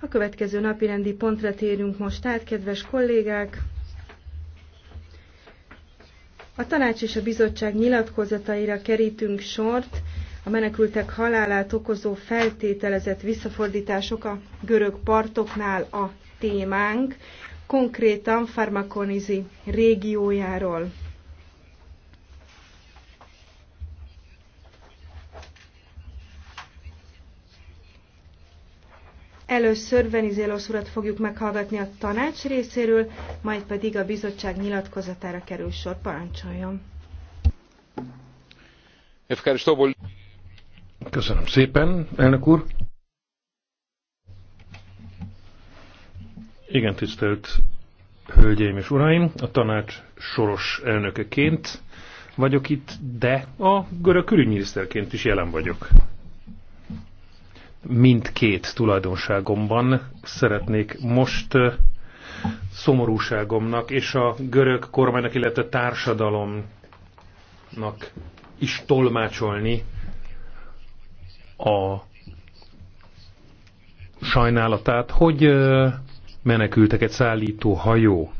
A következő napirendi pontra térünk most át, kedves kollégák! A tanács és a bizottság nyilatkozataira kerítünk sort a menekültek halálát okozó feltételezett visszafordítások a görög partoknál a témánk, konkrétan Farmakonizi régiójáról. Először Venizélos urat fogjuk meghallgatni a tanács részéről, majd pedig a bizottság nyilatkozatára kerül sor. Parancsoljon! Köszönöm szépen, elnök úr! Igen, tisztelt hölgyeim és uraim, a tanács soros elnökeként vagyok itt, de a görög külügyminiszterként is jelen vagyok mindkét tulajdonságomban szeretnék most szomorúságomnak és a görög kormánynak, illetve társadalomnak is tolmácsolni a sajnálatát, hogy menekülteket szállító hajó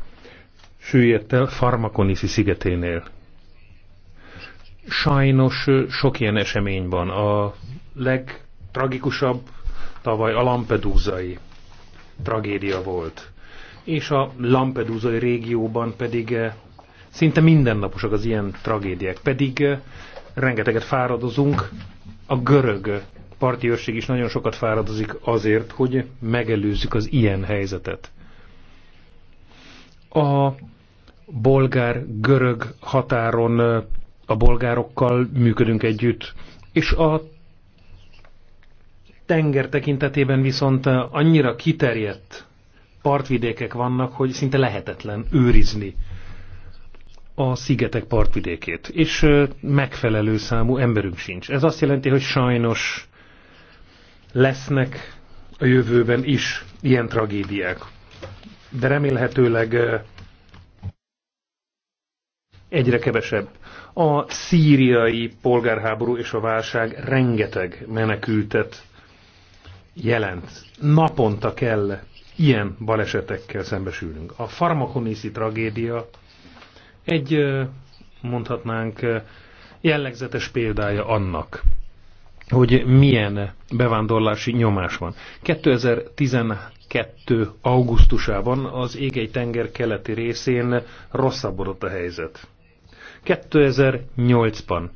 süllyedt el Farmakoniszi szigeténél. Sajnos sok ilyen esemény van. A leg legtragikusabb tavaly a Lampedúzai tragédia volt. És a Lampedúzai régióban pedig eh, szinte mindennaposak az ilyen tragédiák. Pedig eh, rengeteget fáradozunk, a görög parti őrség is nagyon sokat fáradozik azért, hogy megelőzzük az ilyen helyzetet. A bolgár-görög határon eh, a bolgárokkal működünk együtt, és a tenger tekintetében viszont annyira kiterjedt partvidékek vannak, hogy szinte lehetetlen őrizni a szigetek partvidékét, és megfelelő számú emberünk sincs. Ez azt jelenti, hogy sajnos lesznek a jövőben is ilyen tragédiák. De remélhetőleg egyre kevesebb. A szíriai polgárháború és a válság rengeteg menekültet jelent. Naponta kell ilyen balesetekkel szembesülnünk. A farmakonészi tragédia egy, mondhatnánk, jellegzetes példája annak, hogy milyen bevándorlási nyomás van. 2012. augusztusában az égei tenger keleti részén rosszabbodott a helyzet. 2008-ban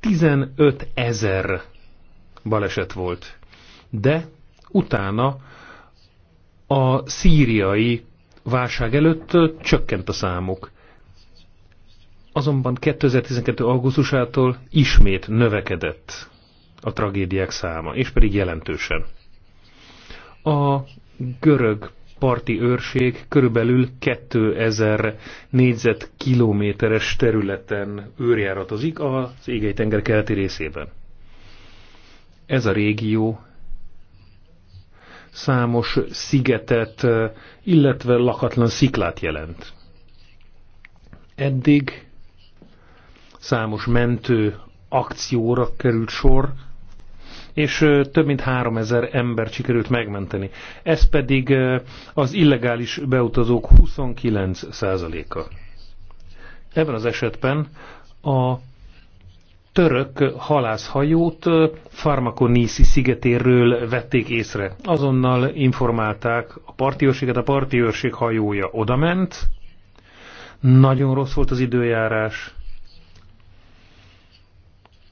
15 ezer baleset volt de utána a szíriai válság előtt csökkent a számuk. Azonban 2012. augusztusától ismét növekedett a tragédiák száma, és pedig jelentősen. A görög parti őrség körülbelül 2000 négyzetkilométeres területen őrjáratozik az égei tenger keleti részében. Ez a régió számos szigetet, illetve lakatlan sziklát jelent. Eddig számos mentő akcióra került sor, és több mint 3000 ember sikerült megmenteni. Ez pedig az illegális beutazók 29%-a. Ebben az esetben a török halászhajót Farmakonisi szigetéről vették észre. Azonnal informálták a partiőrséget, a partiőrség hajója odament, nagyon rossz volt az időjárás,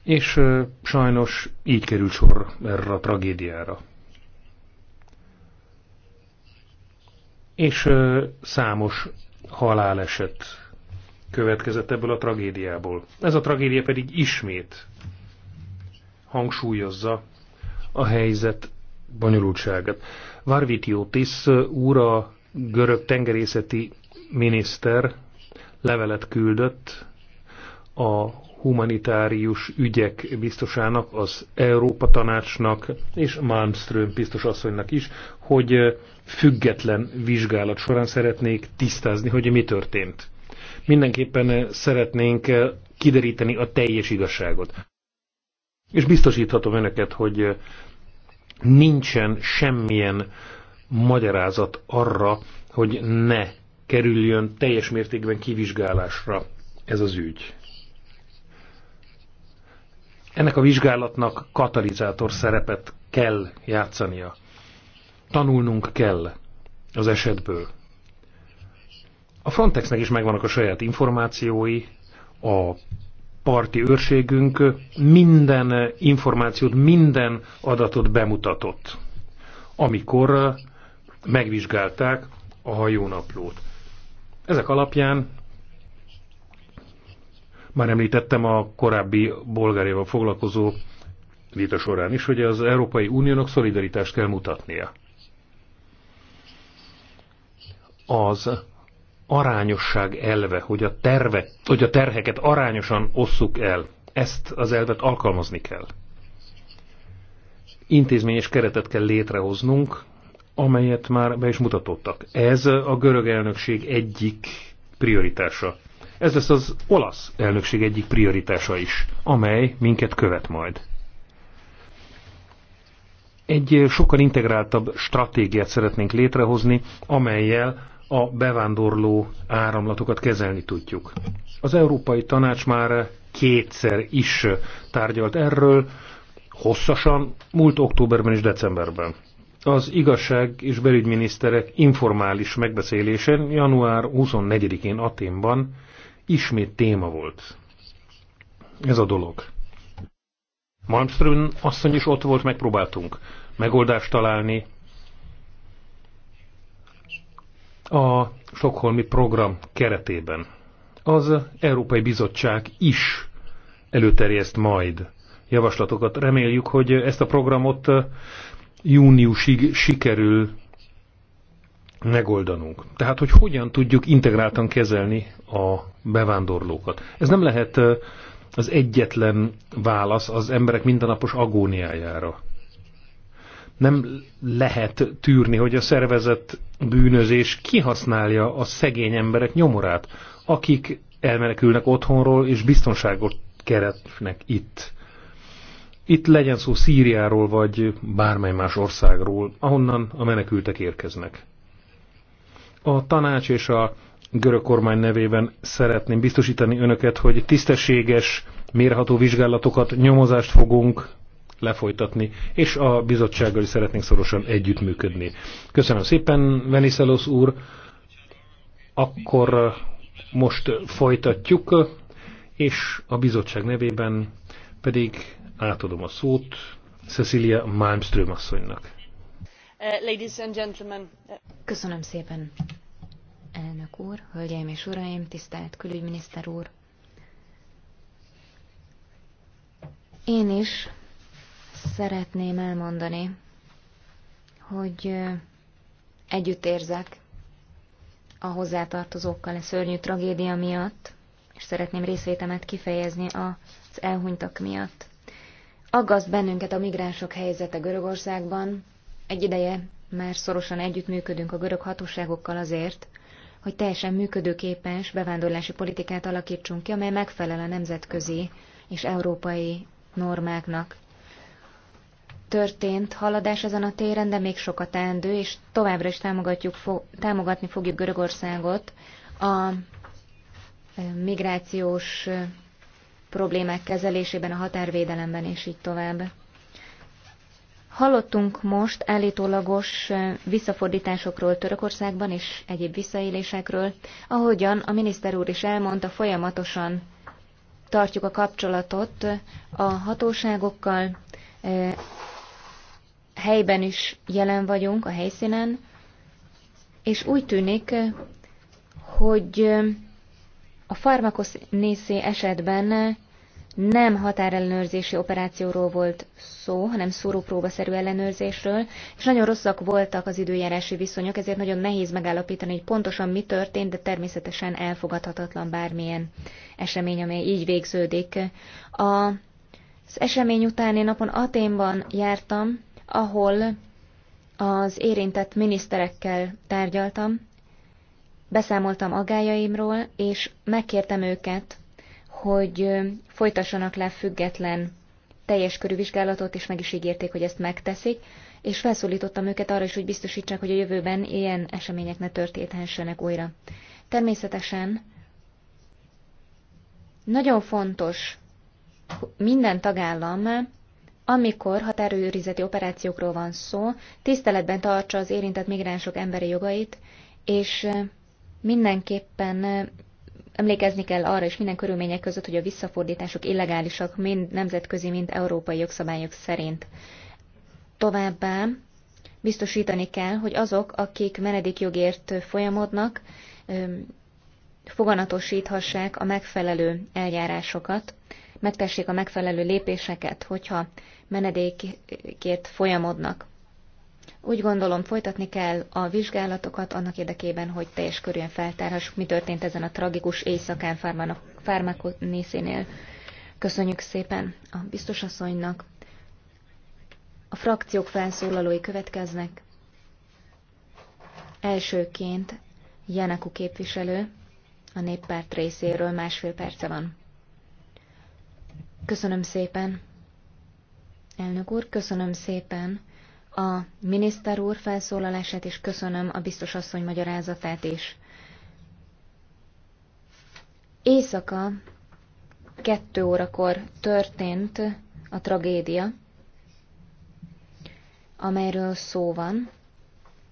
és sajnos így került sor erre a tragédiára. És számos haláleset következett ebből a tragédiából. Ez a tragédia pedig ismét hangsúlyozza a helyzet bonyolultságát. Varvitiotis úr a görög tengerészeti miniszter levelet küldött a humanitárius ügyek biztosának, az Európa Tanácsnak és Malmström biztos asszonynak is, hogy független vizsgálat során szeretnék tisztázni, hogy mi történt. Mindenképpen szeretnénk eh, kideríteni a teljes igazságot. És biztosíthatom önöket, hogy eh, nincsen semmilyen magyarázat arra, hogy ne kerüljön teljes mértékben kivizsgálásra ez az ügy. Ennek a vizsgálatnak katalizátor szerepet kell játszania. Tanulnunk kell az esetből. A Frontexnek is megvannak a saját információi, a parti őrségünk minden információt, minden adatot bemutatott, amikor megvizsgálták a hajónaplót. Ezek alapján már említettem a korábbi Bolgáriával foglalkozó vita során is, hogy az Európai Uniónak szolidaritást kell mutatnia. Az arányosság elve, hogy a, terve, hogy a terheket arányosan osszuk el. Ezt az elvet alkalmazni kell. Intézményes keretet kell létrehoznunk, amelyet már be is mutatottak. Ez a görög elnökség egyik prioritása. Ez lesz az olasz elnökség egyik prioritása is, amely minket követ majd. Egy sokkal integráltabb stratégiát szeretnénk létrehozni, amelyel a bevándorló áramlatokat kezelni tudjuk. Az Európai Tanács már kétszer is tárgyalt erről, hosszasan, múlt októberben és decemberben. Az igazság és belügyminiszterek informális megbeszélésen január 24-én Aténban ismét téma volt. Ez a dolog. Malmström asszony is ott volt, megpróbáltunk megoldást találni, a Sokholmi program keretében az Európai Bizottság is előterjeszt majd javaslatokat. Reméljük, hogy ezt a programot júniusig sikerül megoldanunk. Tehát, hogy hogyan tudjuk integráltan kezelni a bevándorlókat. Ez nem lehet az egyetlen válasz az emberek mindennapos agóniájára nem lehet tűrni, hogy a szervezet bűnözés kihasználja a szegény emberek nyomorát, akik elmenekülnek otthonról és biztonságot keretnek itt. Itt legyen szó Szíriáról vagy bármely más országról, ahonnan a menekültek érkeznek. A tanács és a görög kormány nevében szeretném biztosítani önöket, hogy tisztességes, mérható vizsgálatokat, nyomozást fogunk lefolytatni, és a bizottsággal is szeretnénk szorosan együttműködni. Köszönöm szépen, Veniszelos úr. Akkor uh, most folytatjuk, uh, és a bizottság nevében pedig átadom a szót Cecilia Malmström asszonynak. Uh, ladies and gentlemen. Köszönöm szépen, elnök úr, hölgyeim és uraim, tisztelt külügyminiszter úr. Én is szeretném elmondani, hogy együtt érzek a hozzátartozókkal a szörnyű tragédia miatt, és szeretném részvétemet kifejezni az elhunytak miatt. Aggaszt bennünket a migránsok helyzete Görögországban. Egy ideje már szorosan együttműködünk a görög hatóságokkal azért, hogy teljesen működőképes bevándorlási politikát alakítsunk ki, amely megfelel a nemzetközi és európai normáknak történt haladás ezen a téren, de még sokat teendő, és továbbra is támogatjuk, fo- támogatni fogjuk Görögországot a migrációs problémák kezelésében, a határvédelemben, és így tovább. Hallottunk most állítólagos visszafordításokról Törökországban és egyéb visszaélésekről, ahogyan a miniszter úr is elmondta, folyamatosan tartjuk a kapcsolatot a hatóságokkal, helyben is jelen vagyunk a helyszínen, és úgy tűnik, hogy a farmakosznészé esetben nem határellenőrzési operációról volt szó, hanem szórópróbaszerű ellenőrzésről, és nagyon rosszak voltak az időjárási viszonyok, ezért nagyon nehéz megállapítani, hogy pontosan mi történt, de természetesen elfogadhatatlan bármilyen esemény, amely így végződik. A, az esemény utáni napon Aténban jártam, ahol az érintett miniszterekkel tárgyaltam, beszámoltam agájaimról, és megkértem őket, hogy folytassanak le független teljes körű vizsgálatot, és meg is ígérték, hogy ezt megteszik, és felszólítottam őket arra is, hogy biztosítsák, hogy a jövőben ilyen események ne történhessenek újra. Természetesen nagyon fontos minden tagállam amikor határőrizeti operációkról van szó, tiszteletben tartsa az érintett migránsok emberi jogait, és mindenképpen emlékezni kell arra is minden körülmények között, hogy a visszafordítások illegálisak mind nemzetközi, mind európai jogszabályok szerint. Továbbá biztosítani kell, hogy azok, akik menedékjogért folyamodnak, foganatosíthassák a megfelelő eljárásokat, megtessék a megfelelő lépéseket, hogyha menedékét folyamodnak. Úgy gondolom, folytatni kell a vizsgálatokat annak érdekében, hogy teljes körűen feltárhassuk, mi történt ezen a tragikus éjszakán Farmakonészinél. Köszönjük szépen a biztosasszonynak. A frakciók felszólalói következnek. Elsőként Jeneku képviselő a néppárt részéről másfél perce van. Köszönöm szépen. Elnök úr, köszönöm szépen a miniszter úr felszólalását, és köszönöm a biztos asszony magyarázatát is. Éjszaka kettő órakor történt a tragédia, amelyről szó van.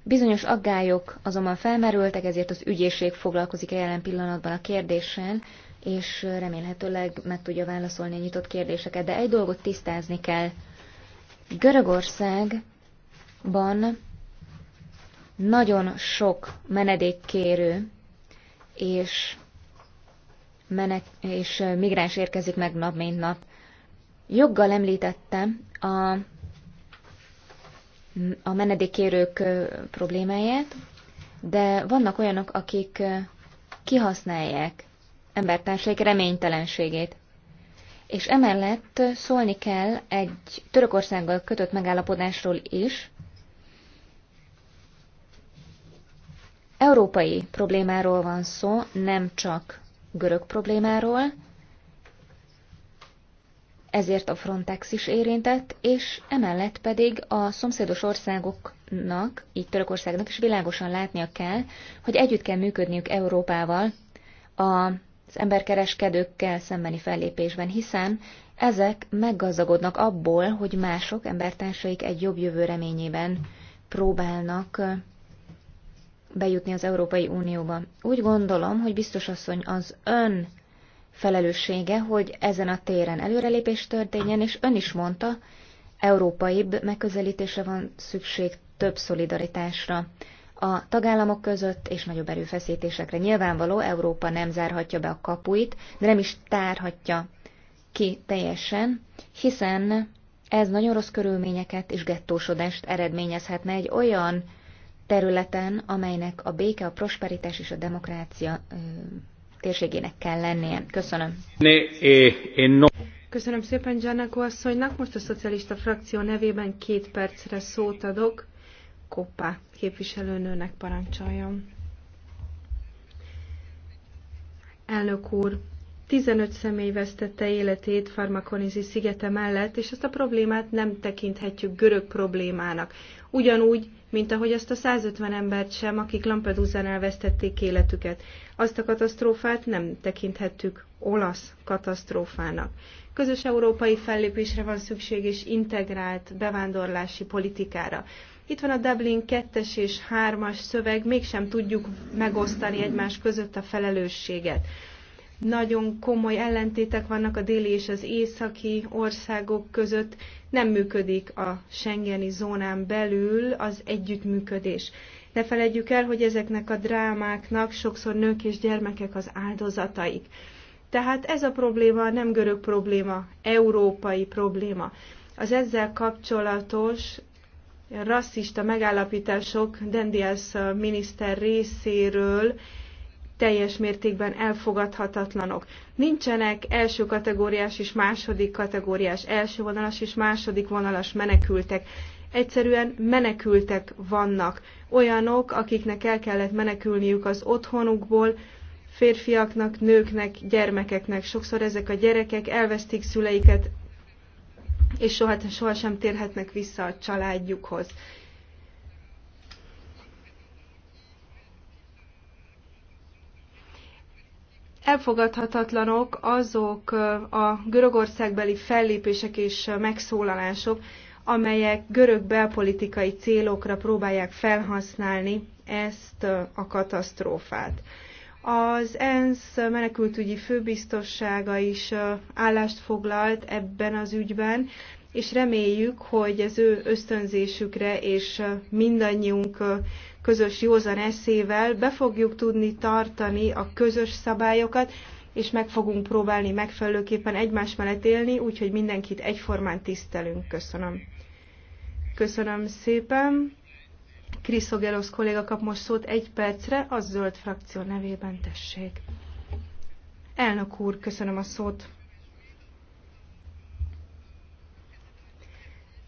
Bizonyos aggályok azonban felmerültek, ezért az ügyészség foglalkozik e jelen pillanatban a kérdéssel, és remélhetőleg meg tudja válaszolni a nyitott kérdéseket. De egy dolgot tisztázni kell. Görögországban nagyon sok menedékkérő és, menek, és migráns érkezik meg nap, mint nap. Joggal említette a, a menedékkérők problémáját, de vannak olyanok, akik kihasználják embertárség reménytelenségét. És emellett szólni kell egy Törökországgal kötött megállapodásról is, Európai problémáról van szó, nem csak görög problémáról, ezért a Frontex is érintett, és emellett pedig a szomszédos országoknak, így Törökországnak is világosan látnia kell, hogy együtt kell működniük Európával a az emberkereskedőkkel szembeni fellépésben, hiszen ezek meggazdagodnak abból, hogy mások, embertársaik egy jobb jövő reményében próbálnak bejutni az Európai Unióba. Úgy gondolom, hogy biztos asszony az ön felelőssége, hogy ezen a téren előrelépés történjen, és ön is mondta, európaibb megközelítése van szükség több szolidaritásra a tagállamok között és nagyobb erőfeszítésekre. Nyilvánvaló, Európa nem zárhatja be a kapuit, de nem is tárhatja ki teljesen, hiszen ez nagyon rossz körülményeket és gettósodást eredményezhetne egy olyan területen, amelynek a béke, a prosperitás és a demokrácia ö, térségének kell lennie. Köszönöm. E, e Köszönöm szépen Giannaku asszonynak. Most a szocialista frakció nevében két percre szót adok. Koppá képviselőnőnek parancsoljon. Elnök úr, 15 személy vesztette életét Farmakonizi szigete mellett, és ezt a problémát nem tekinthetjük görög problémának. Ugyanúgy, mint ahogy azt a 150 embert sem, akik Lampedusán elvesztették életüket. Azt a katasztrófát nem tekinthettük olasz katasztrófának. Közös európai fellépésre van szükség és integrált bevándorlási politikára. Itt van a Dublin 2 és 3-as szöveg, mégsem tudjuk megosztani egymás között a felelősséget. Nagyon komoly ellentétek vannak a déli és az északi országok között, nem működik a Schengeni zónán belül az együttműködés. Ne felejtjük el, hogy ezeknek a drámáknak sokszor nők és gyermekek az áldozataik. Tehát ez a probléma nem görög probléma, európai probléma. Az ezzel kapcsolatos rasszista megállapítások Dendias miniszter részéről teljes mértékben elfogadhatatlanok. Nincsenek első kategóriás és második kategóriás, első vonalas és második vonalas menekültek. Egyszerűen menekültek vannak. Olyanok, akiknek el kellett menekülniük az otthonukból, férfiaknak, nőknek, gyermekeknek. Sokszor ezek a gyerekek elvesztik szüleiket, és soha, soha sem térhetnek vissza a családjukhoz. Elfogadhatatlanok azok a görögországbeli fellépések és megszólalások, amelyek görög belpolitikai célokra próbálják felhasználni ezt a katasztrófát. Az ENSZ menekültügyi főbiztossága is állást foglalt ebben az ügyben, és reméljük, hogy az ő ösztönzésükre és mindannyiunk közös józan eszével be fogjuk tudni tartani a közös szabályokat, és meg fogunk próbálni megfelelőképpen egymás mellett élni, úgyhogy mindenkit egyformán tisztelünk. Köszönöm. Köszönöm szépen. Kriszogelosz kolléga kap most szót egy percre, a zöld frakció nevében tessék. Elnök úr, köszönöm a szót.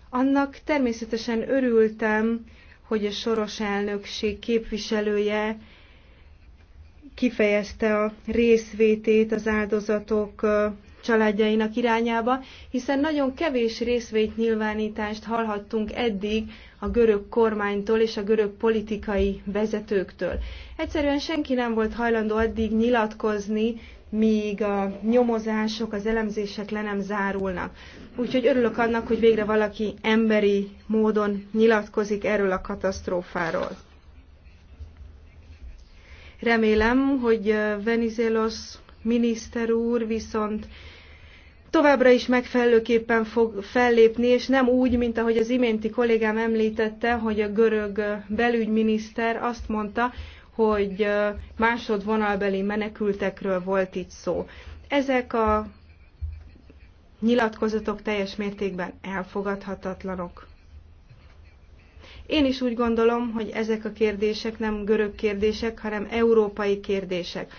Annak természetesen örültem, hogy a soros elnökség képviselője kifejezte a részvétét az áldozatok családjainak irányába, hiszen nagyon kevés részvétnyilvánítást hallhattunk eddig a görög kormánytól és a görög politikai vezetőktől. Egyszerűen senki nem volt hajlandó addig nyilatkozni, míg a nyomozások, az elemzések le nem zárulnak. Úgyhogy örülök annak, hogy végre valaki emberi módon nyilatkozik erről a katasztrófáról. Remélem, hogy Venizelos miniszter úr viszont továbbra is megfelelőképpen fog fellépni, és nem úgy, mint ahogy az iménti kollégám említette, hogy a görög belügyminiszter azt mondta, hogy másodvonalbeli menekültekről volt itt szó. Ezek a nyilatkozatok teljes mértékben elfogadhatatlanok. Én is úgy gondolom, hogy ezek a kérdések nem görög kérdések, hanem európai kérdések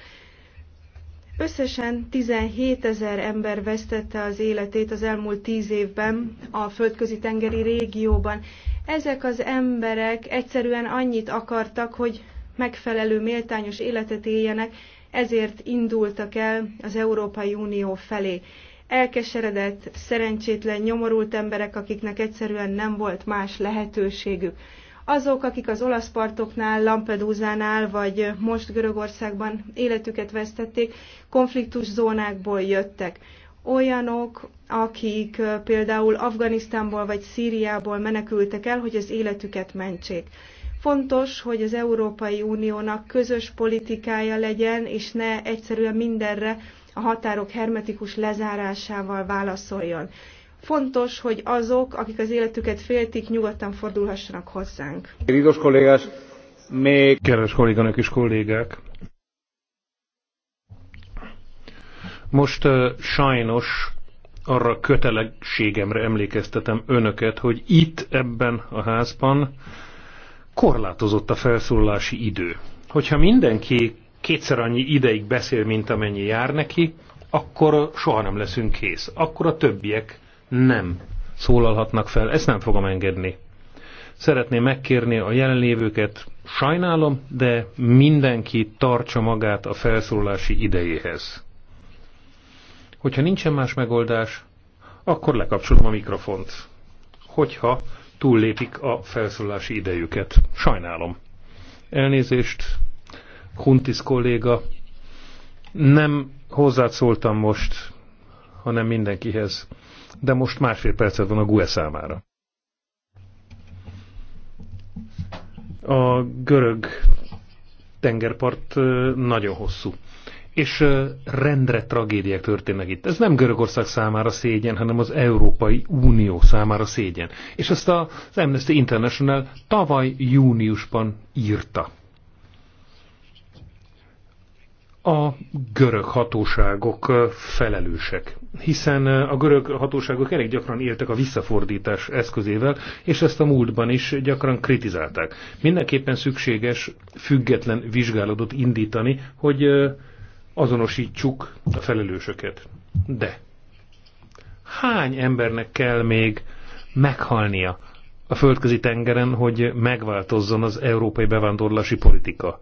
Összesen 17 ezer ember vesztette az életét az elmúlt tíz évben a földközi tengeri régióban. Ezek az emberek egyszerűen annyit akartak, hogy megfelelő méltányos életet éljenek, ezért indultak el az Európai Unió felé. Elkeseredett, szerencsétlen, nyomorult emberek, akiknek egyszerűen nem volt más lehetőségük. Azok, akik az olasz partoknál, Lampedusánál vagy most Görögországban életüket vesztették, konfliktus zónákból jöttek. Olyanok, akik például Afganisztánból vagy Szíriából menekültek el, hogy az életüket mentsék. Fontos, hogy az Európai Uniónak közös politikája legyen, és ne egyszerűen mindenre a határok hermetikus lezárásával válaszoljon. Fontos, hogy azok, akik az életüket féltik, nyugodtan fordulhassanak hozzánk. Kedves kollégás, még... Kedves kolléganők és kollégák! Most uh, sajnos arra kötelességemre emlékeztetem önöket, hogy itt ebben a házban korlátozott a felszólalási idő. Hogyha mindenki kétszer annyi ideig beszél, mint amennyi jár neki, akkor soha nem leszünk kész. Akkor a többiek nem szólalhatnak fel, ezt nem fogom engedni. Szeretném megkérni a jelenlévőket, sajnálom, de mindenki tartsa magát a felszólási idejéhez. Hogyha nincsen más megoldás, akkor lekapcsolom a mikrofont. Hogyha túllépik a felszólási idejüket. Sajnálom. Elnézést, Huntis kolléga. Nem hozzád szóltam most, hanem mindenkihez. De most másfél percet van a GUE számára. A görög tengerpart nagyon hosszú. És rendre tragédiák történnek itt. Ez nem Görögország számára szégyen, hanem az Európai Unió számára szégyen. És ezt az Amnesty International tavaly júniusban írta. a görög hatóságok felelősek, hiszen a görög hatóságok elég gyakran éltek a visszafordítás eszközével, és ezt a múltban is gyakran kritizálták. Mindenképpen szükséges független vizsgálatot indítani, hogy azonosítsuk a felelősöket. De hány embernek kell még meghalnia a földközi tengeren, hogy megváltozzon az európai bevándorlási politika?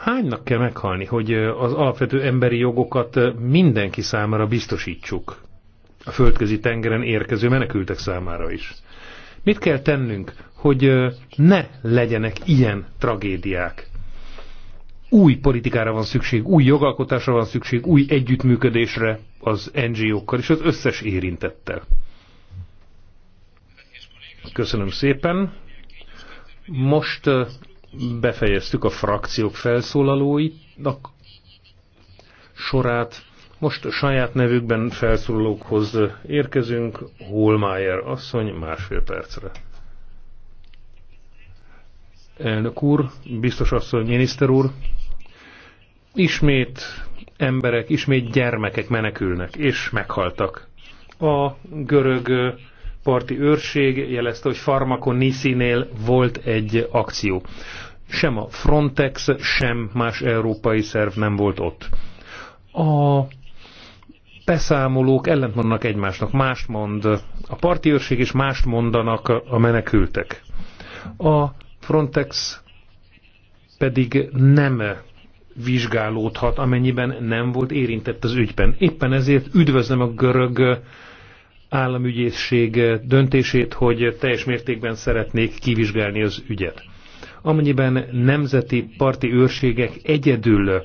Hánynak kell meghalni, hogy az alapvető emberi jogokat mindenki számára biztosítsuk? A földközi tengeren érkező menekültek számára is. Mit kell tennünk, hogy ne legyenek ilyen tragédiák? Új politikára van szükség, új jogalkotásra van szükség, új együttműködésre az NGO-kkal és az összes érintettel. Köszönöm szépen. Most befejeztük a frakciók felszólalóinak sorát. Most a saját nevükben felszólalókhoz érkezünk. Holmeyer asszony másfél percre. Elnök úr, biztos asszony, miniszter úr, ismét emberek, ismét gyermekek menekülnek, és meghaltak. A görög parti őrség jelezte, hogy Farmakoniszinél volt egy akció. Sem a Frontex, sem más európai szerv nem volt ott. A beszámolók mondnak egymásnak. Mást mond a parti őrség, és mást mondanak a menekültek. A Frontex pedig nem vizsgálódhat, amennyiben nem volt érintett az ügyben. Éppen ezért üdvözlöm a görög államügyészség döntését, hogy teljes mértékben szeretnék kivizsgálni az ügyet. Amennyiben nemzeti parti őrségek egyedül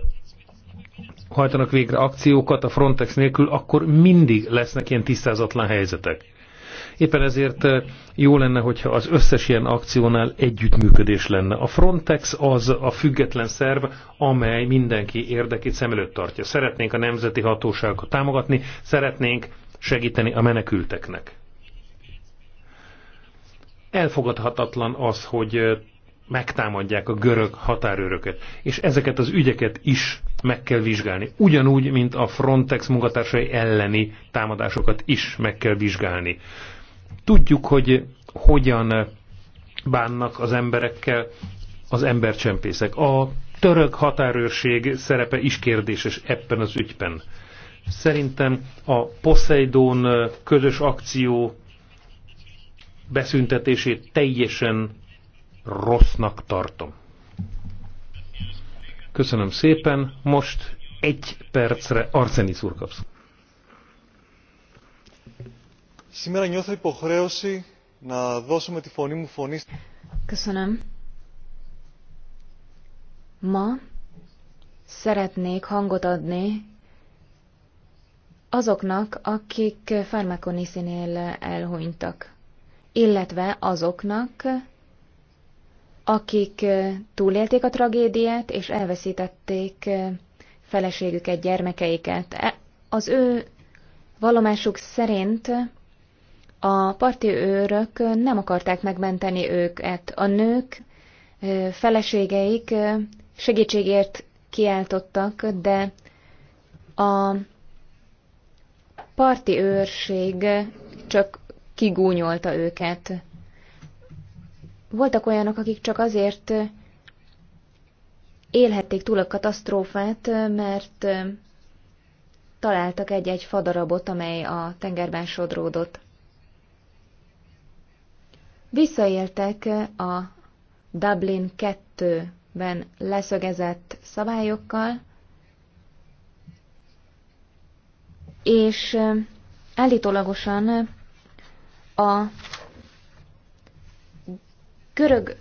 hajtanak végre akciókat a Frontex nélkül, akkor mindig lesznek ilyen tisztázatlan helyzetek. Éppen ezért jó lenne, hogyha az összes ilyen akciónál együttműködés lenne. A Frontex az a független szerv, amely mindenki érdekét szem előtt tartja. Szeretnénk a nemzeti hatóságokat támogatni, szeretnénk segíteni a menekülteknek. Elfogadhatatlan az, hogy megtámadják a görög határőröket, és ezeket az ügyeket is meg kell vizsgálni. Ugyanúgy, mint a Frontex munkatársai elleni támadásokat is meg kell vizsgálni. Tudjuk, hogy hogyan bánnak az emberekkel az embercsempészek. A török határőrség szerepe is kérdéses ebben az ügyben. Szerintem a Poseidon közös akció beszüntetését teljesen rossznak tartom. Köszönöm szépen, most egy percre Arzenis úr kapsz. Σήμερα νιώθω υποχρέωση να δώσω τη φωνή μου φωνή. Köszönöm. Ma szeretnék hangot adni azoknak, akik farmakoniszinél elhunytak, illetve azoknak, akik túlélték a tragédiát és elveszítették feleségüket, gyermekeiket. E, az ő valomásuk szerint a parti őrök nem akarták megmenteni őket. A nők, feleségeik segítségért kiáltottak, de a parti őrség csak kigúnyolta őket. Voltak olyanok, akik csak azért élhették túl a katasztrófát, mert találtak egy-egy fadarabot, amely a tengerben sodródott. Visszaéltek a Dublin 2-ben leszögezett szabályokkal, és állítólagosan a görög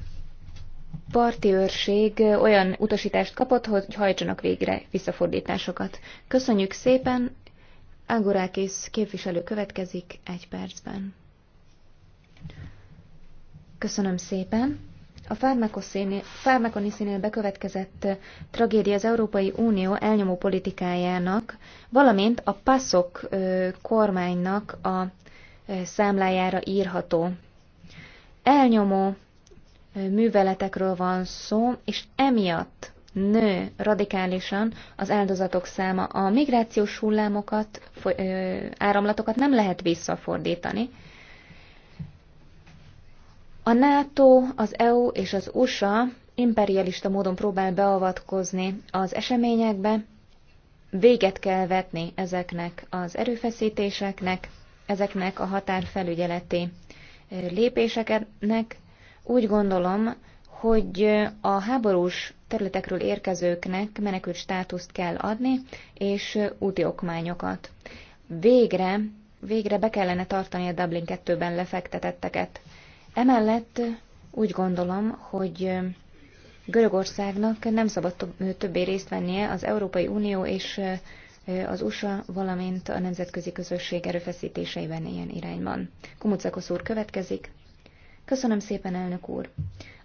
parti őrség olyan utasítást kapott, hogy hajtsanak végre visszafordításokat. Köszönjük szépen, Angorákész képviselő következik egy percben. Köszönöm szépen. A színél bekövetkezett eh, tragédia az Európai Unió elnyomó politikájának, valamint a PASZOK eh, kormánynak a eh, számlájára írható. Elnyomó műveletekről van szó, és emiatt nő radikálisan az áldozatok száma. A migrációs hullámokat, áramlatokat nem lehet visszafordítani, a NATO, az EU és az USA imperialista módon próbál beavatkozni az eseményekbe, véget kell vetni ezeknek az erőfeszítéseknek, ezeknek a határfelügyeleti eh, lépéseknek. Úgy gondolom, hogy eh, a háborús területekről érkezőknek menekült státuszt kell adni, és eh, úti okmányokat. Végre, végre be kellene tartani a Dublin 2-ben lefektetetteket. Emellett úgy gondolom, hogy Görögországnak nem szabad többé részt vennie az Európai Unió és az USA, valamint a nemzetközi közösség erőfeszítéseiben ilyen irányban. Kumucakos úr következik. Köszönöm szépen, elnök úr.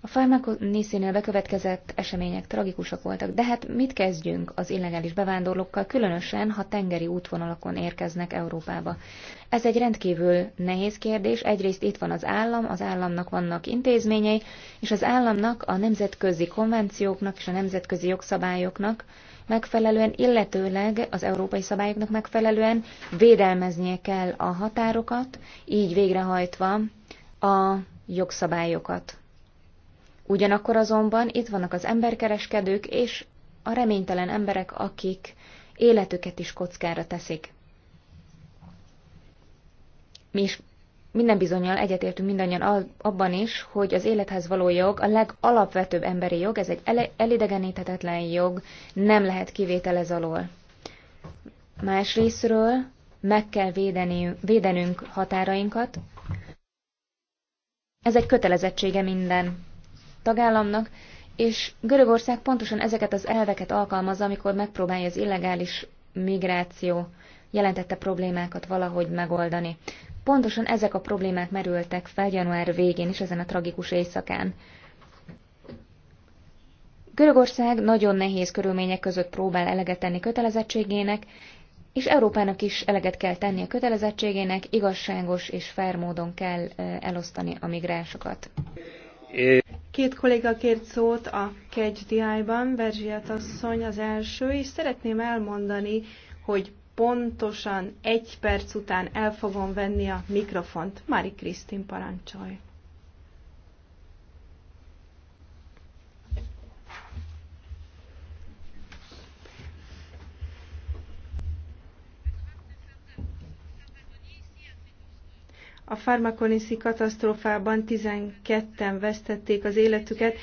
A Farmakoniszinél bekövetkezett események tragikusak voltak, de hát mit kezdjünk az illegális bevándorlókkal, különösen, ha tengeri útvonalakon érkeznek Európába? Ez egy rendkívül nehéz kérdés. Egyrészt itt van az állam, az államnak vannak intézményei, és az államnak a nemzetközi konvencióknak és a nemzetközi jogszabályoknak megfelelően, illetőleg az európai szabályoknak megfelelően védelmeznie kell a határokat, így végrehajtva a jogszabályokat. Ugyanakkor azonban itt vannak az emberkereskedők és a reménytelen emberek, akik életüket is kockára teszik. Mi is minden bizonyal egyetértünk mindannyian abban is, hogy az élethez való jog a legalapvetőbb emberi jog, ez egy elidegeníthetetlen jog, nem lehet kivétel ez alól. Másrésztről meg kell védeni, védenünk határainkat, ez egy kötelezettsége minden tagállamnak, és Görögország pontosan ezeket az elveket alkalmazza, amikor megpróbálja az illegális migráció jelentette problémákat valahogy megoldani. Pontosan ezek a problémák merültek fel január végén is ezen a tragikus éjszakán. Görögország nagyon nehéz körülmények között próbál eleget tenni kötelezettségének, és Európának is eleget kell tenni a kötelezettségének, igazságos és fair módon kell elosztani a migránsokat. Két kolléga kért szót a KGDI-ban, Berzsiat asszony az első, és szeretném elmondani, hogy pontosan egy perc után el fogom venni a mikrofont. Mári Krisztin parancsolj. A farmakoniszi katasztrófában 12-en vesztették az életüket,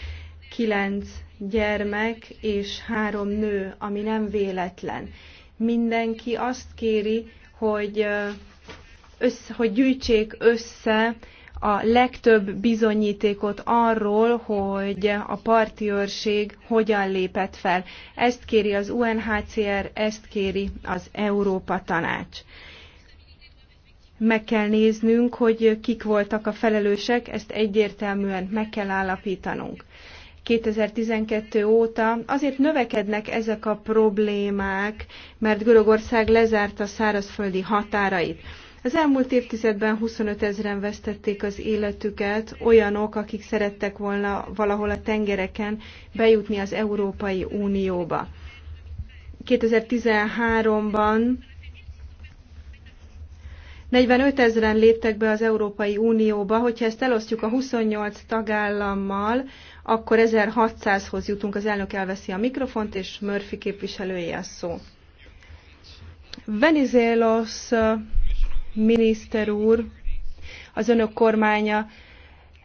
9 gyermek és 3 nő, ami nem véletlen. Mindenki azt kéri, hogy, össze, hogy gyűjtsék össze a legtöbb bizonyítékot arról, hogy a parti őrség hogyan lépett fel. Ezt kéri az UNHCR, ezt kéri az Európa Tanács meg kell néznünk, hogy kik voltak a felelősek, ezt egyértelműen meg kell állapítanunk. 2012 óta azért növekednek ezek a problémák, mert Görögország lezárta a szárazföldi határait. Az elmúlt évtizedben 25 ezeren vesztették az életüket olyanok, akik szerettek volna valahol a tengereken bejutni az Európai Unióba. 2013-ban 45 ezeren léptek be az Európai Unióba, hogyha ezt elosztjuk a 28 tagállammal, akkor 1600-hoz jutunk. Az elnök elveszi a mikrofont, és Murphy képviselője a szó. Venizelos miniszter úr, az önök kormánya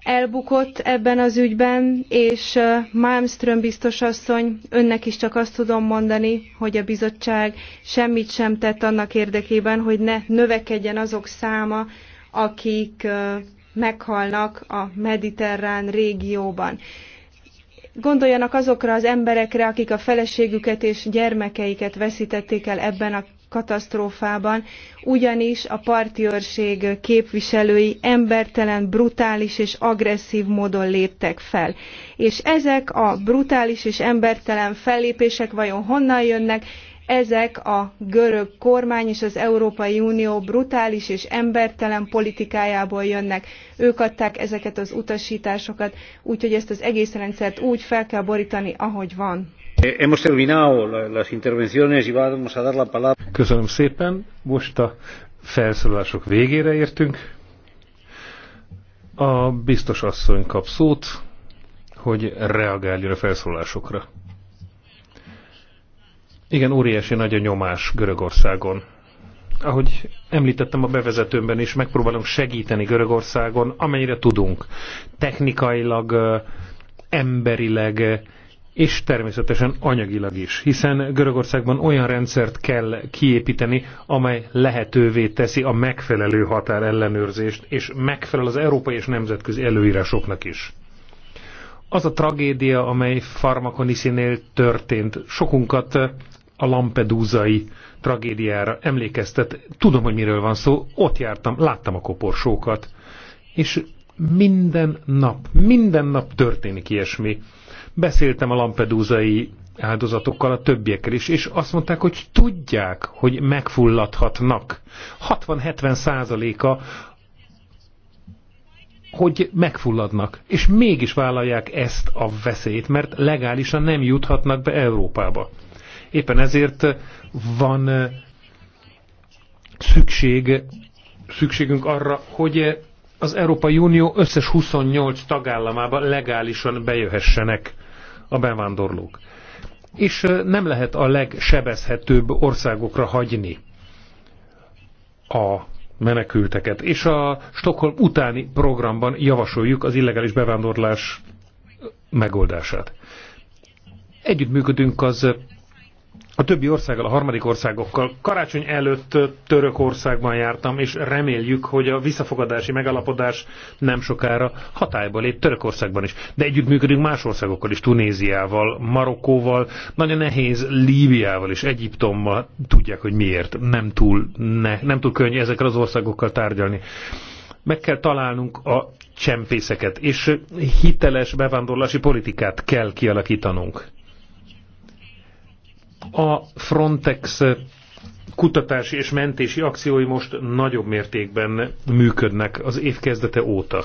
elbukott ebben az ügyben, és Malmström biztos asszony, önnek is csak azt tudom mondani, hogy a bizottság semmit sem tett annak érdekében, hogy ne növekedjen azok száma, akik meghalnak a mediterrán régióban. Gondoljanak azokra az emberekre, akik a feleségüket és gyermekeiket veszítették el ebben a katasztrófában, ugyanis a parti őrség képviselői embertelen, brutális és agresszív módon léptek fel. És ezek a brutális és embertelen fellépések vajon honnan jönnek, ezek a görög kormány és az Európai Unió brutális és embertelen politikájából jönnek. Ők adták ezeket az utasításokat, úgyhogy ezt az egész rendszert úgy fel kell borítani, ahogy van. Eh, Köszönöm szépen. Most a felszólások végére értünk. A biztos asszony kap szót, hogy reagáljon a felszólásokra. Igen, óriási nagy a nyomás Görögországon. Ahogy említettem a bevezetőmben is, megpróbálunk segíteni Görögországon, amennyire tudunk. Technikailag, eh, emberileg, eh, és természetesen anyagilag is, hiszen Görögországban olyan rendszert kell kiépíteni, amely lehetővé teszi a megfelelő határ ellenőrzést és megfelel az európai és nemzetközi előírásoknak is. Az a tragédia, amely Farmakoniszinél történt, sokunkat a Lampedúzai tragédiára emlékeztet. Tudom, hogy miről van szó, ott jártam, láttam a koporsókat, és minden nap, minden nap történik ilyesmi. Beszéltem a lampedúzai áldozatokkal, a többiekkel is, és azt mondták, hogy tudják, hogy megfulladhatnak. 60-70 százaléka hogy megfulladnak, és mégis vállalják ezt a veszélyt, mert legálisan nem juthatnak be Európába. Éppen ezért van szükség, szükségünk arra, hogy az Európai Unió összes 28 tagállamába legálisan bejöhessenek a bevándorlók. És nem lehet a legsebezhetőbb országokra hagyni a menekülteket. És a Stockholm utáni programban javasoljuk az illegális bevándorlás megoldását. Együttműködünk az a többi országgal, a harmadik országokkal. Karácsony előtt Törökországban jártam, és reméljük, hogy a visszafogadási megalapodás nem sokára hatályba lép Törökországban is. De együttműködünk más országokkal is, Tunéziával, Marokkóval, nagyon nehéz Líbiával és Egyiptommal. Tudják, hogy miért. Nem túl, ne, nem túl könnyű ezekkel az országokkal tárgyalni meg kell találnunk a csempészeket, és hiteles bevándorlási politikát kell kialakítanunk. A Frontex kutatási és mentési akciói most nagyobb mértékben működnek az év kezdete óta.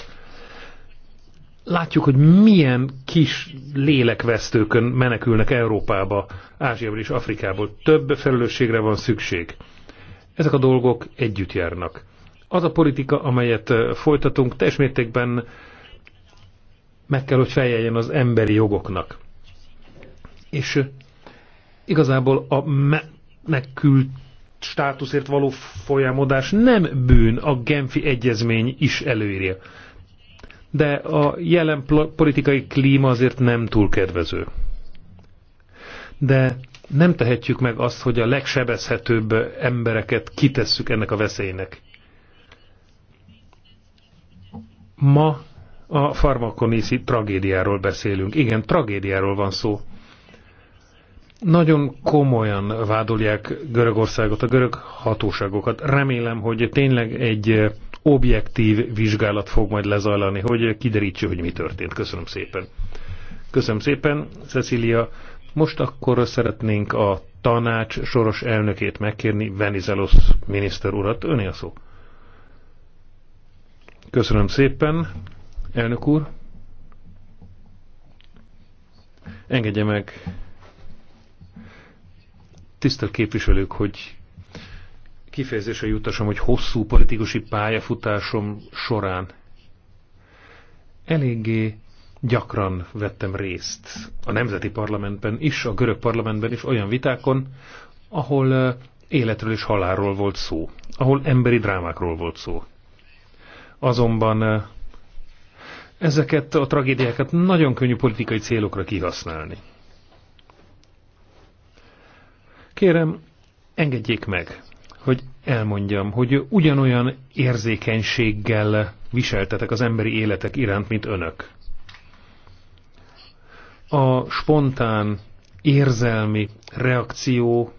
Látjuk, hogy milyen kis lélekvesztőkön menekülnek Európába, Ázsiából és Afrikából. Több felelősségre van szükség. Ezek a dolgok együtt járnak. Az a politika, amelyet folytatunk, teljes mértékben meg kell, hogy feljeljen az emberi jogoknak. És igazából a me megküldt státuszért való folyamodás nem bűn, a Genfi egyezmény is előírja. De a jelen politikai klíma azért nem túl kedvező. De nem tehetjük meg azt, hogy a legsebezhetőbb embereket kitesszük ennek a veszélynek. Ma a farmakonészi tragédiáról beszélünk. Igen, tragédiáról van szó. Nagyon komolyan vádolják Görögországot, a görög hatóságokat. Remélem, hogy tényleg egy eh, objektív vizsgálat fog majd lezajlani, hogy kiderítsük, hogy mi történt. Köszönöm szépen. Köszönöm szépen, Cecília. Most akkor szeretnénk a tanács soros elnökét megkérni, Venizelos miniszter urat. Öné a szó. Köszönöm szépen, elnök úr. Engedje meg, tisztelt képviselők, hogy kifejezésre jutassam, hogy hosszú politikusi pályafutásom során eléggé gyakran vettem részt a Nemzeti Parlamentben is, a Görög Parlamentben is olyan vitákon, ahol életről és halálról volt szó, ahol emberi drámákról volt szó. Azonban ezeket a tragédiákat nagyon könnyű politikai célokra kihasználni. Kérem, engedjék meg, hogy elmondjam, hogy ugyanolyan érzékenységgel viseltetek az emberi életek iránt, mint önök. A spontán, érzelmi reakció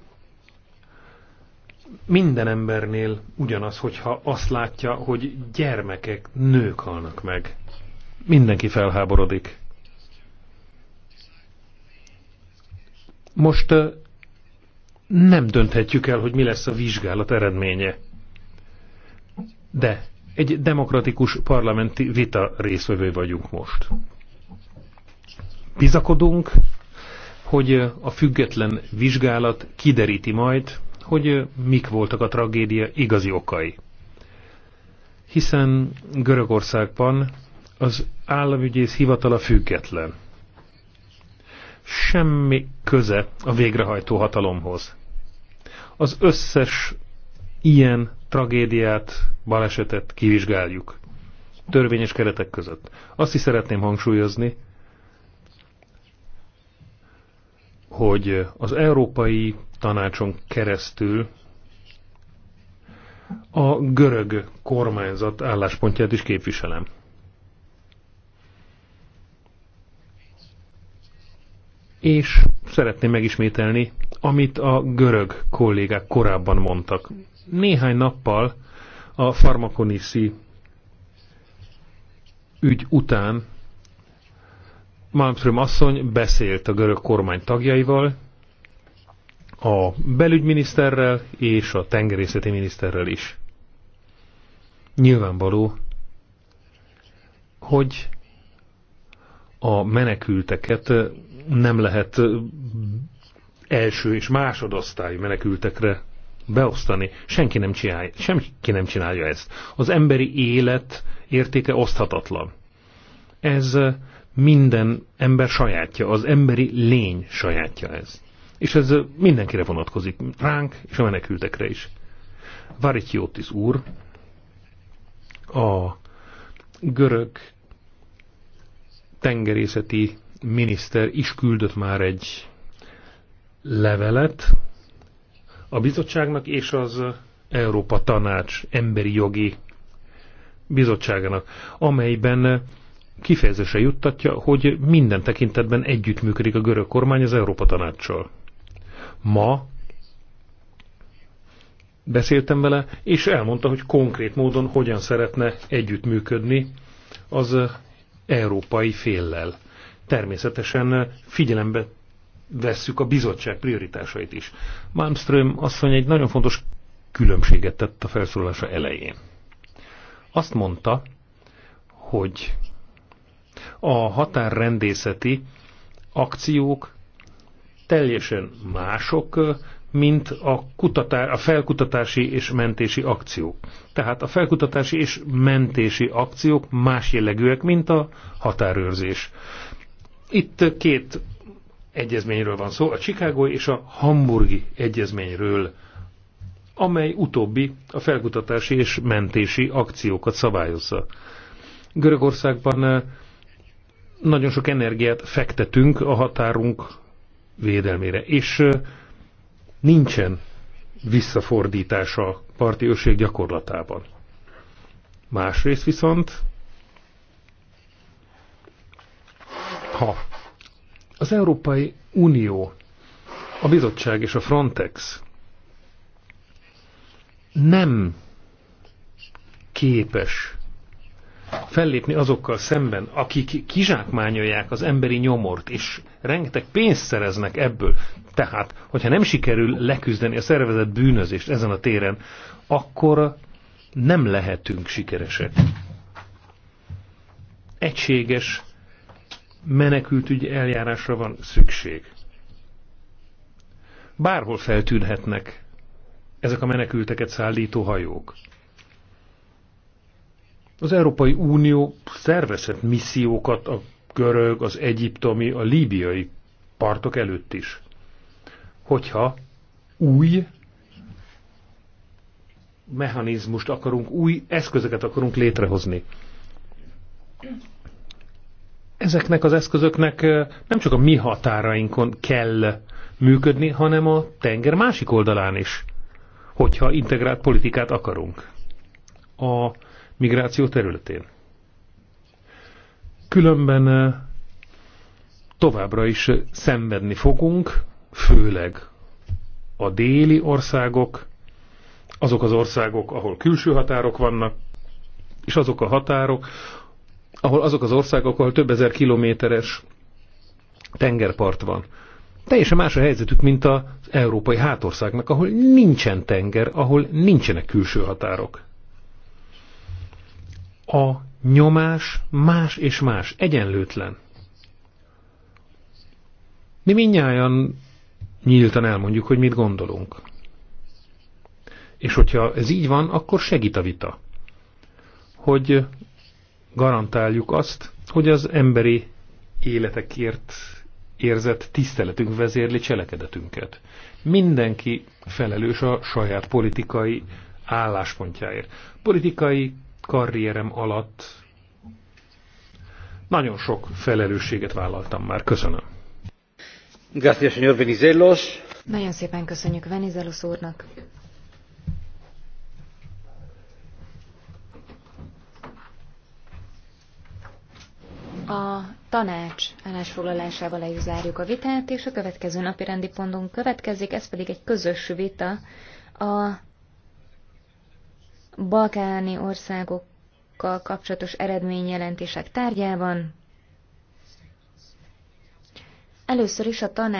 minden embernél ugyanaz, hogyha azt látja, hogy gyermekek, nők halnak meg. Mindenki felháborodik. Most nem dönthetjük el, hogy mi lesz a vizsgálat eredménye. De egy demokratikus parlamenti vita részvevő vagyunk most. Bizakodunk, hogy a független vizsgálat kideríti majd, hogy mik voltak a tragédia igazi okai. Hiszen Görögországban az államügyész hivatala független semmi köze a végrehajtó hatalomhoz. Az összes ilyen tragédiát, balesetet kivizsgáljuk törvényes keretek között. Azt is szeretném hangsúlyozni, hogy az Európai Tanácson keresztül a görög kormányzat álláspontját is képviselem. és szeretném megismételni, amit a görög kollégák korábban mondtak. Néhány nappal a farmakoniszi ügy után Malmström asszony beszélt a görög kormány tagjaival, a belügyminiszterrel és a tengerészeti miniszterrel is. Nyilvánvaló, hogy a menekülteket nem lehet első és másodosztályú menekültekre beosztani. Senki nem, csinálja, senki nem csinálja ezt. Az emberi élet értéke oszthatatlan. Ez minden ember sajátja, az emberi lény sajátja ez. És ez mindenkire vonatkozik, ránk és a menekültekre is. Varityótis úr, a görög tengerészeti miniszter is küldött már egy levelet a bizottságnak és az Európa Tanács emberi jogi bizottságának, amelyben kifejezésre juttatja, hogy minden tekintetben együttműködik a görög kormány az Európa Tanácssal. Ma beszéltem vele, és elmondta, hogy konkrét módon hogyan szeretne együttműködni az európai féllel. Természetesen figyelembe vesszük a bizottság prioritásait is. Malmström asszony egy nagyon fontos különbséget tett a felszólása elején. Azt mondta, hogy a határrendészeti akciók teljesen mások, mint a, kutatá, a felkutatási és mentési akciók. Tehát a felkutatási és mentési akciók más jellegűek, mint a határőrzés. Itt két egyezményről van szó, a Chicago és a Hamburgi egyezményről, amely utóbbi a felkutatási és mentési akciókat szabályozza. Görögországban eh, nagyon sok energiát fektetünk a határunk védelmére, és eh, nincsen visszafordítása a parti őrség gyakorlatában. Másrészt viszont, ha az Európai Unió, a bizottság és a Frontex nem képes fellépni azokkal szemben, akik kizsákmányolják az emberi nyomort, és rengeteg pénzt szereznek ebből. Tehát, hogyha nem sikerül leküzdeni a szervezet bűnözést ezen a téren, akkor nem lehetünk sikeresek. Egységes menekültügy eljárásra van szükség. Bárhol feltűnhetnek ezek a menekülteket szállító hajók. Az Európai Unió szervezett missziókat a görög, az egyiptomi, a líbiai partok előtt is. Hogyha új mechanizmust akarunk, új eszközöket akarunk létrehozni. Ezeknek az eszközöknek nem csak a mi határainkon kell működni, hanem a tenger másik oldalán is, hogyha integrált politikát akarunk. A migráció területén. Különben eh, továbbra is eh, szenvedni fogunk, főleg a déli országok, azok az országok, ahol külső határok vannak, és azok a határok, ahol azok az országok, ahol több ezer kilométeres tengerpart van. Teljesen más a helyzetük, mint az európai hátországnak, ahol nincsen tenger, ahol nincsenek külső határok a nyomás más és más, egyenlőtlen. Mi mindnyájan nyíltan elmondjuk, hogy mit gondolunk. És hogyha ez így van, akkor segít a vita, hogy garantáljuk azt, hogy az emberi életekért érzett tiszteletünk vezérli cselekedetünket. Mindenki felelős a saját politikai álláspontjáért. Politikai karrierem alatt nagyon sok felelősséget vállaltam már. Köszönöm. Gracias, señor Venizelos. Nagyon szépen köszönjük Venizelos úrnak. A tanács állásfoglalásával lezárjuk a vitát, és a következő napi rendi pontunk következik, ez pedig egy közös vita a balkáni országokkal kapcsolatos eredményjelentések tárgyában. Először is a tanács